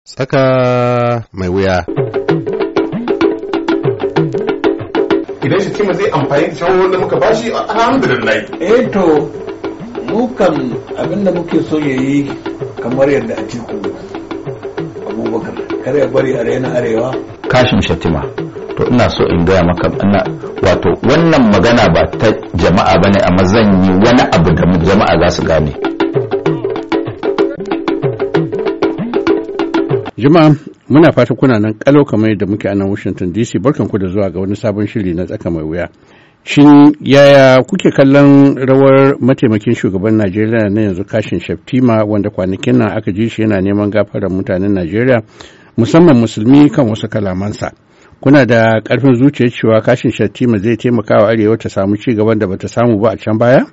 Saka mai wuya. Idan shi cima zai amfani da shawarar da muka bashi lai. Eh to, mu kam abinda muke so ya yi kamar yadda a cikin abubakar kar ya bari a raina arewa. Kashin shatima. To ina so in gaya maka ina wato wannan magana ba ta jama'a bane amma zan yi wani abu da jama'a za su gane. Juma muna fata kuna nan kalau kamar da muke a nan Washington DC ku da zuwa ga wani sabon shiri na tsaka mai wuya. Shin yaya kuke kallon rawar mataimakin shugaban Najeriya na yanzu kashin Shaftima wanda kwanakin nan aka ji shi yana neman gafarar mutanen Najeriya musamman musulmi kan wasu kalamansa. Kuna da karfin zuciyar cewa kashin Shaftima zai taimaka wa Arewa ta samu ci gaban da bata samu ba a can baya?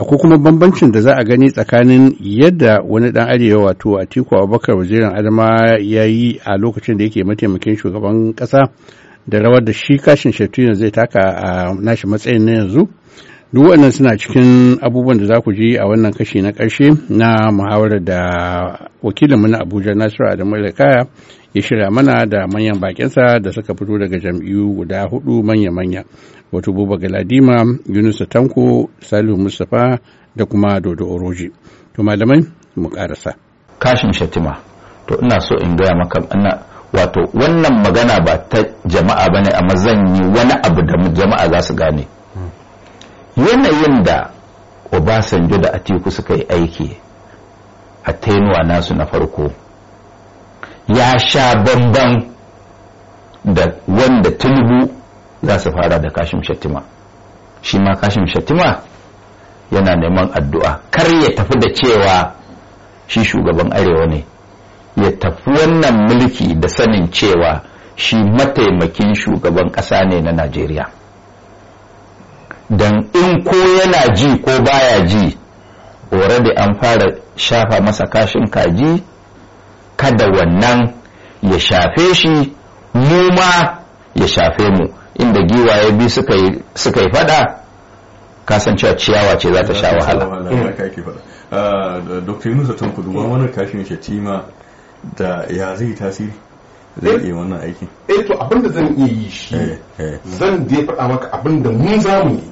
akwai kuma bambancin da za a gani tsakanin yadda wani dan arewa wato atiku abubakar wazirin adama ya yi a lokacin da yake mataimakin shugaban kasa da rawar da shi kashin shatuna zai taka a nashi matsayin na yanzu duk wannan suna cikin abubuwan da za ku ji a wannan kashi na ƙarshe na muhawarar da wakilinmu na abuja nasiru adamu kaya ya shirya mana da manyan bakinsa da suka fito daga jam'iyyu guda hudu manya-manya wato buba galadima yunusa tanko salihu mustapha da kuma dodo oroji to malamai mu karasa kashin shatima to ina so in gaya maka ina wato wannan magana ba ta jama'a bane amma zan yi wani abu da jama'a za su gane yanayin da obasanjo da atiku suka yi aiki a tainuwa nasu na farko ya sha bamban da wanda tinubu za su fara da kashim shattima shi ma kashim shatima yana neman addu'a kar ya tafi da cewa shi shugaban arewa ne ya tafi wannan mulki da sanin cewa shi mataimakin shugaban ƙasa ne na najeriya dan in ko yana ji ko baya ji da an fara shafa masa kashin kaji kada wannan ya shafe shi mu ma ya shafe mu inda giwaye bi suka yi fada kasancewa ciyawa ce za ta sha wahala dr yunusa tanku duba wani kashin shatima da ya zai tasiri zai iya wannan aikin eh to abinda zan iya yi shi eh, eh. zan dai faɗa maka abinda mun zamu yi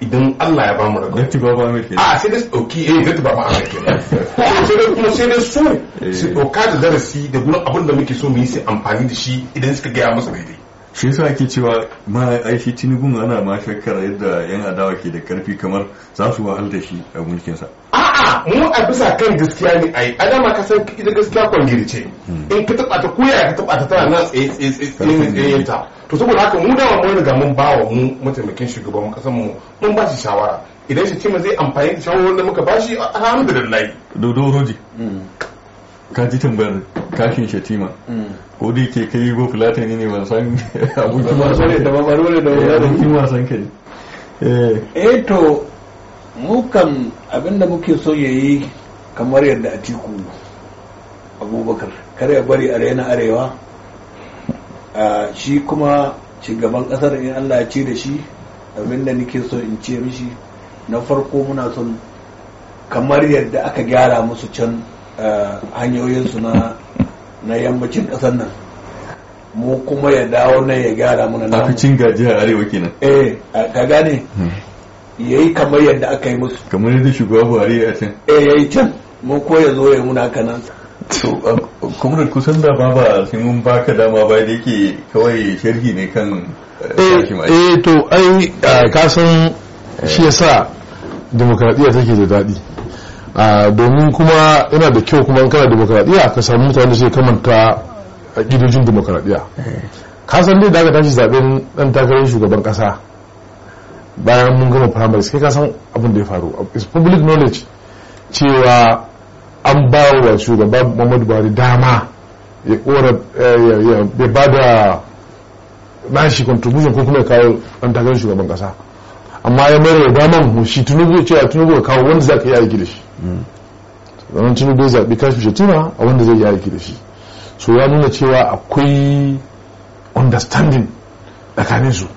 idan Allah ya bamu rago ba ba mai ke. a ah, sai dai dauki eh ba baba mai ke. sai dai kuma sai dai su eh. su dauka da darasi da gudun abin da muke so mu yi sai amfani da shi idan suka gaya masa daidai shi yasa ake cewa ma aishi tinubu ana ma shakkar yadda yan adawa ke da karfi kamar za su wahal da shi a mulkinsa a ah, a'a mu a bisa kan gaskiya ne ai adama ka san ita gaskiya kwangiri ce hmm. in ka taba ta koya ka taba ta tana nan tsaye tsaye tsaye tsaye ta to saboda haka mu dama mun riga mun bawa mu mataimakin shugaban kasan mu mun ba shi shawara idan shi tima zai amfani da shawarar da muka bashi alhamdulillah dodo roji hmm. ka ji tambayar kashin shatima hmm. ko da yake kai go fulatani ne ban san abu ba ne da ba ne da ba eh, ne da wasan kai eh to mukan abinda muke so ya yi kamar yadda a tiku abubakar kar ya bari a raina arewa shi kuma shugaban kasar in allah ya da shi abinda nake so in ce mishi na farko muna son kamar yadda aka gyara musu can hanyoyinsu na yammacin kasar nan mu kuma ya dawo nan ya gyara muna na cin gajiya arewa kenan eh ka gane hmm. yayi kamar yadda aka yi musu kamar yadda shugaba buhari ya can eh yayi can mu ko ya zo ya muna kanan kuma kusan da ba sai mun baka dama ba da yake kawai sharhi ne kan eh, eh, eh to ai ka san shi yasa demokradiya take da daɗi domin kuma yana da kyau kuma kana demokradiya ka samu mutane sai kamanta a gidojin demokradiyya eh. ka san dai da aka tashi zaben dan takarar shugaban kasa bayan mun gama primary sai ka san abin da ya faru is public knowledge cewa an ba wa shugaba muhammadu buhari dama ya kora ya ba da nashi contribution ko kuma ya kawo ɗan takarar shugaban kasa amma ya mayar da daman mu shi tunubu ya cewa tunubu ya kawo wanda za ka yi aiki da shi hmm. zaman tunubu ya zaɓi kashi shatima a wanda zai yi aiki da shi so ya nuna cewa akwai understanding tsakanin su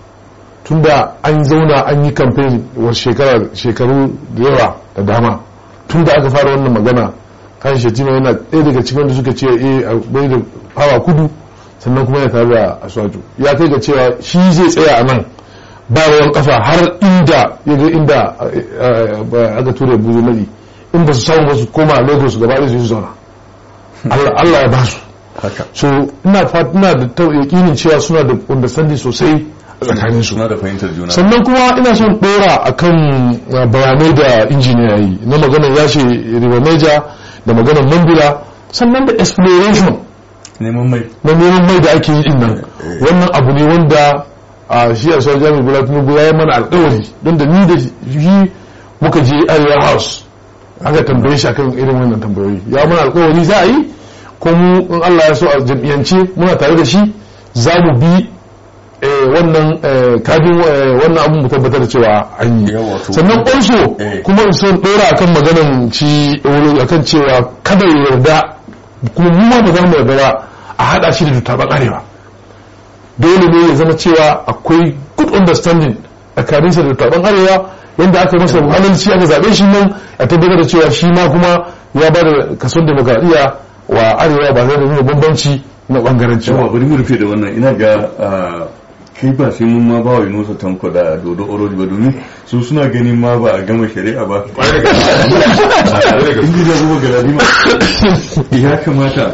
tunda an zauna an yi kamfen wasu shekaru da yawa da dama tunda aka fara wannan magana kan shetima yana ɗaya daga cikin da suka ce eh, a bai da hawa kudu sannan kuma ya tare da aswaju ya kai ga cewa shi zai tsaya a nan ba ruwan kafa har inda ya ga inda eh, eh, aka ture buzu nadi in ba su samu ba koma lagos gaba ɗaya su yi zauna allah ya ba su so ina da yakinin cewa suna da understanding sosai tsakanin sannan kuma ina son dora akan uh, bayanai da injiniya yi na maganar ya ce river major da maganar mambila sannan da exploration mai na neman mai da ake yi nan wannan abu ne wanda a uh, shi a sauran jami'in bula ya mana alkawari don da ni da shi muka je area house aka tambaye shi akan irin wannan tambayoyi ya mana alkawari za a yi ko mu in allah ya so a jam'iyyance muna tare da shi za mu bi Eh, wannan eh, kafin eh, wannan abin mu tabbatar da cewa an yi sannan also kuma in ɗora dora akan maganan ci kan cewa kada ya yarda kuma mu ma ba za mu a hada shi da dutaban arewa dole ne ya zama cewa akwai good understanding a sa da dutaban arewa yadda aka masa halalci aka zabe shi nan a tabbatar da cewa shi ma kuma ya ba da kason demokradiyya wa arewa ba zai da nuna bambanci na ɓangaren cewa. ba bari mu rufe da wannan ina ga ah, sai ba sai mun ma ba wa Yunusa tanko da dodo oroji ba domin su suna ganin ma ba a gama shari'a ba in ji da zuwa ma. ya kamata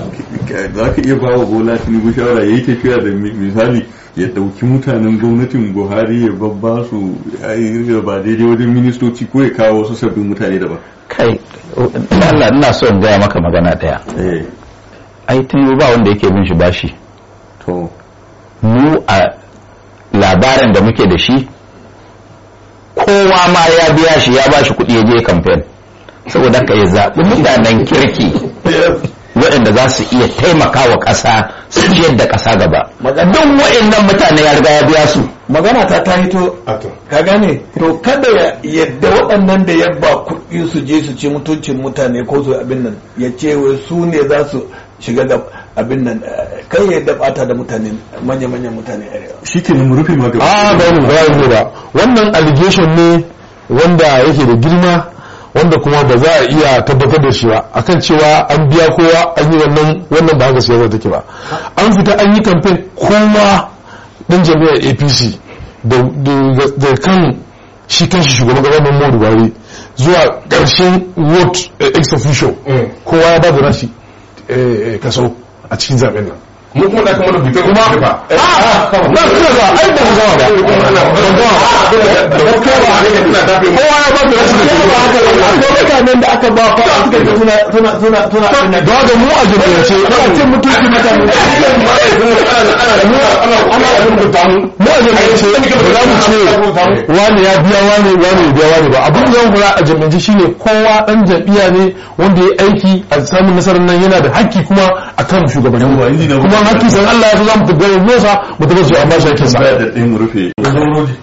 za ka iya ba wa bola tuni bushawara ya yi tafiya da misali ya ɗauki mutanen gwamnatin buhari ya babba su a ya ba daidai wajen ministoci ko ya kawo wasu sabbin mutane daban kai Allah ina so in gaya maka magana daya eh. ai tinubu ba wanda yake bin shi bashi to mu a labarin da muke da shi kowa ma ya biya shi ya ba shi kuɗi ya je kamfen saboda ka ya zaɓi mutanen kirki waɗanda za su iya taimaka wa ƙasa su ciyar da ƙasa gaba duk waɗannan mutane ya riga ya biya su magana ta ta hito ka gane to kada yadda waɗannan da ya ba kuɗi su je su ci mutuncin mutane ko su abin nan ya ce wai su ne za su shiga da abin nan kai ya da bata da mutane manya-manyan mutane arewa ke mu rufe magana a ah, ba mu ba mu ba wannan allegation ne wanda yake da girma wanda kuma ba za a iya tabbatar da shi ba akan cewa an biya kowa an yi wannan wannan ba haka siyasa take ba an fita an yi campaign kuma dan jami'ar APC da kan shi kanshi shugaban gaba Muhammadu Buhari zuwa ƙarshen vote eh, ex officio mm. kowa ya ba da rashi kaso a cikin zaben nan mu kuma da kuma da bitar kuma ba na su da ai ba zama ba ba aka ba fa suka suna suna suna suna ga mu a jibirce aka ce mutunci mutane ana a jibirce za mu ce wani ya biya wani wani ya biya wani ba abin da a shine kowa dan jabiya ne wanda ya aiki a samun nasarar nan yana da hakki kuma akan shugabanni kuma hakki san Allah ya mu tabbata nosa mu tabbata su amma shi sa da din rufe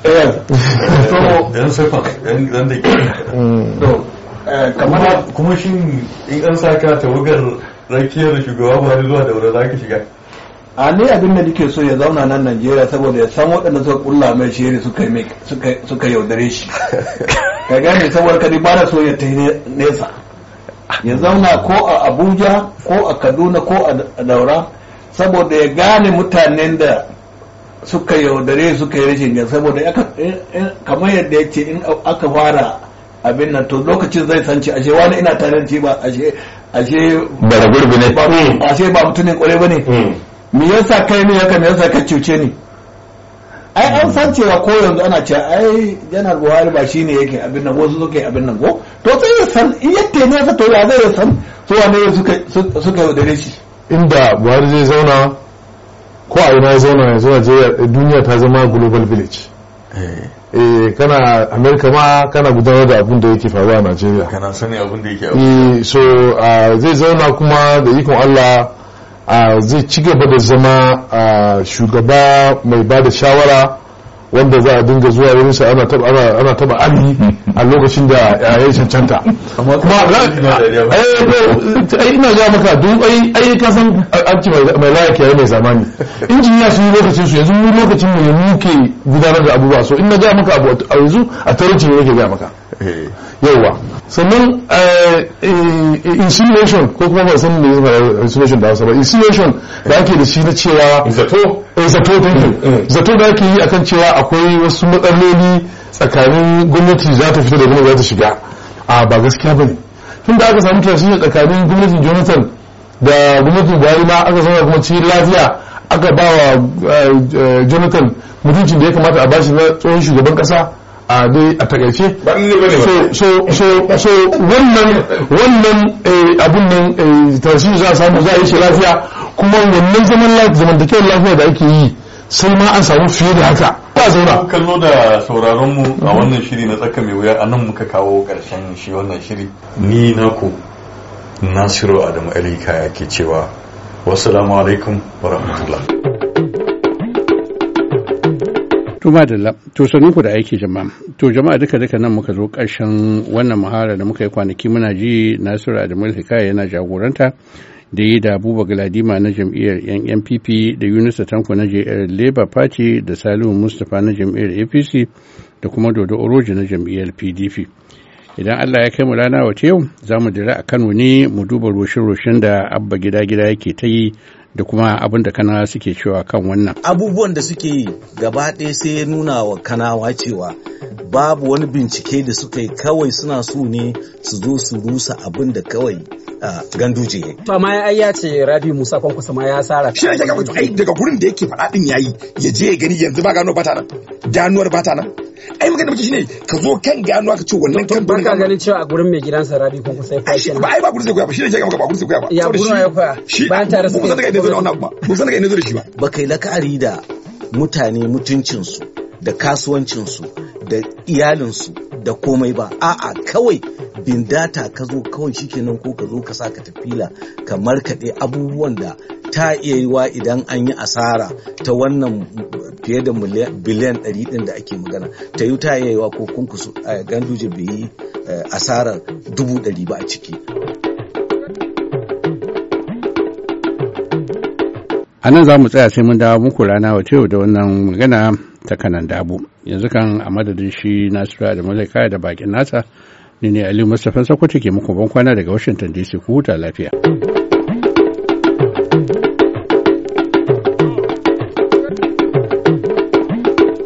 to yan sefa yan da ke mm. Eh, kamar kuma shi in an saka wugar rakiyar shugaba buhari zuwa daura za ka shiga a ne abin da nake so ya zauna nan najeriya saboda ya san waɗanda suka kulla mai shiri suka yaudare shi ka gane saboda kadi ba da so ya ta nesa ya zauna ko a abuja ko a kaduna ko a daura saboda ya gane mutanen da suka yaudare suka yi rashin saboda kamar yadda ya ce in aka fara abin nan to lokacin zai sanci ashe wani ina tare da ba ashe ashe ba da gurbi ne hmm. ashe ba ne. kware hmm. bane me yasa kai ne haka me yasa ka cuce ni ai an san cewa ko yanzu ana cewa ai janar buhari ba shi ne yake abin nan wasu suke abin nan ko to sai ya san in yadda ne sa to ya zai ya san su wane suka suka dare shi inda buhari zai zauna ko a ina ya zauna yanzu a duniya ta zama global village eh. Eh, kana amerika ma kana gudanar da abin da yake faruwa a nigeria kana sani abin da yake abu eh, so zai zauna kuma da ikon allah zai ci gaba da zama shugaba mai ba da shawara wanda za a dinga zuwa wurin sa ana taba ana taba ali a lokacin da yayin cancanta kuma eh, ai ina ga maka duk ai ai ka san anci mai layaki yayi mai zamani injiniya su lokacin su yanzu mu lokacin mu ne muke gudanar da abubuwa so in ga maka abu a yanzu a tarihi ne nake ga maka Eh, yawa sannan eh, eh, insinuation ko kuma ba san me fara insinuation da hausa ba insinuation da ake da shi na cewa zato zato zato da ake yi akan cewa akwai wasu matsaloli tsakanin gwamnati za ta fita da gwamnati za ta shiga a ba gaskiya ba ne tun da aka samu tashi tsakanin gwamnatin jonathan da gwamnatin buhari ma aka zama kuma cikin lafiya aka ba wa jonathan mutuncin da ya kamata a bashi na tsohon shugaban kasa a dai a takaice so so so wannan wannan eh, abun nan eh, tasiri za a samu za a yi shi lafiya kuma wannan zaman lafiya zamantakewar lafiya da ake yi sai ma an samu fiye da haka ba zauna kallo da sauraron mu a wannan shiri na tsaka mai wuya a nan muka kawo karshen shi wannan shiri ni na ku. nasiru adamu alika kaya ke cewa wasu alaikum wa rahmatullah To madalla, to sanin ku da aiki jama'a. To jama'a duka duka nan muka zo ƙarshen wannan muhara da muka yi kwanaki muna ji Nasiru Adamul Hikaya yana jagoranta da yi da Abuba Galadima na jam'iyyar NPP da Yunus Tanko na jam'iyyar Labour Party da Salihu Mustapha na jam'iyyar APC da kuma Dodo Oroji na jam'iyyar PDP. Idan Allah ya kai mu rana wata yau za mu dira a Kano ne mu duba roshin-roshin da abba gida-gida yake ta yi da kuma abin da kana suke cewa kan wannan abubuwan da suke yi gaba ɗaya sai ya nuna wa kanawa cewa babu wani bincike da suka yi kawai suna so ne su zo su rusa abin da kawai ganduje ya to amma ai ya ce Rabi Musa kusa ma ya sara shi ne daga gurin da yake faɗaɗin ya yi, ya je ya gani yanzu ba gano ba ta nan ganuwar ba ta nan ai da mace shine ka zo kan gano ka ce wannan kan ba ka ganin cewa a gurin mai sa rabi ko kusa ya ba ai ba gurin sai koya ba shine ke ga ba gurin sai koya ba ya gurin ya koya bayan tare su kusa daga inda zo wannan ba kusa daga inda zo da shi ba ba kai la'akari da mutane mutuncinsu da kasuwancinsu da iyalinsu da komai ba a'a kawai bindata data ka zo kawai shikenan ko ka zo ka sa ka tafila ka markaɗe abubuwan da ta iya yiwa idan an yi asara ta wannan fiye da biliyan 100 ɗin da ake magana ta yi ta iya yiwa ko kunkusu eh, ganduje bai yi eh, asarar dubu ɗari ba a ciki a nan za mu tsaya sai mun dawo muku rana wace da wannan magana ta kanan dabu yanzu kan a madadin shi nasiru da kaya da bakin nasa ni ne aliyu mustapha sakwato ke muku ban kwana daga washington dc ku huta lafiya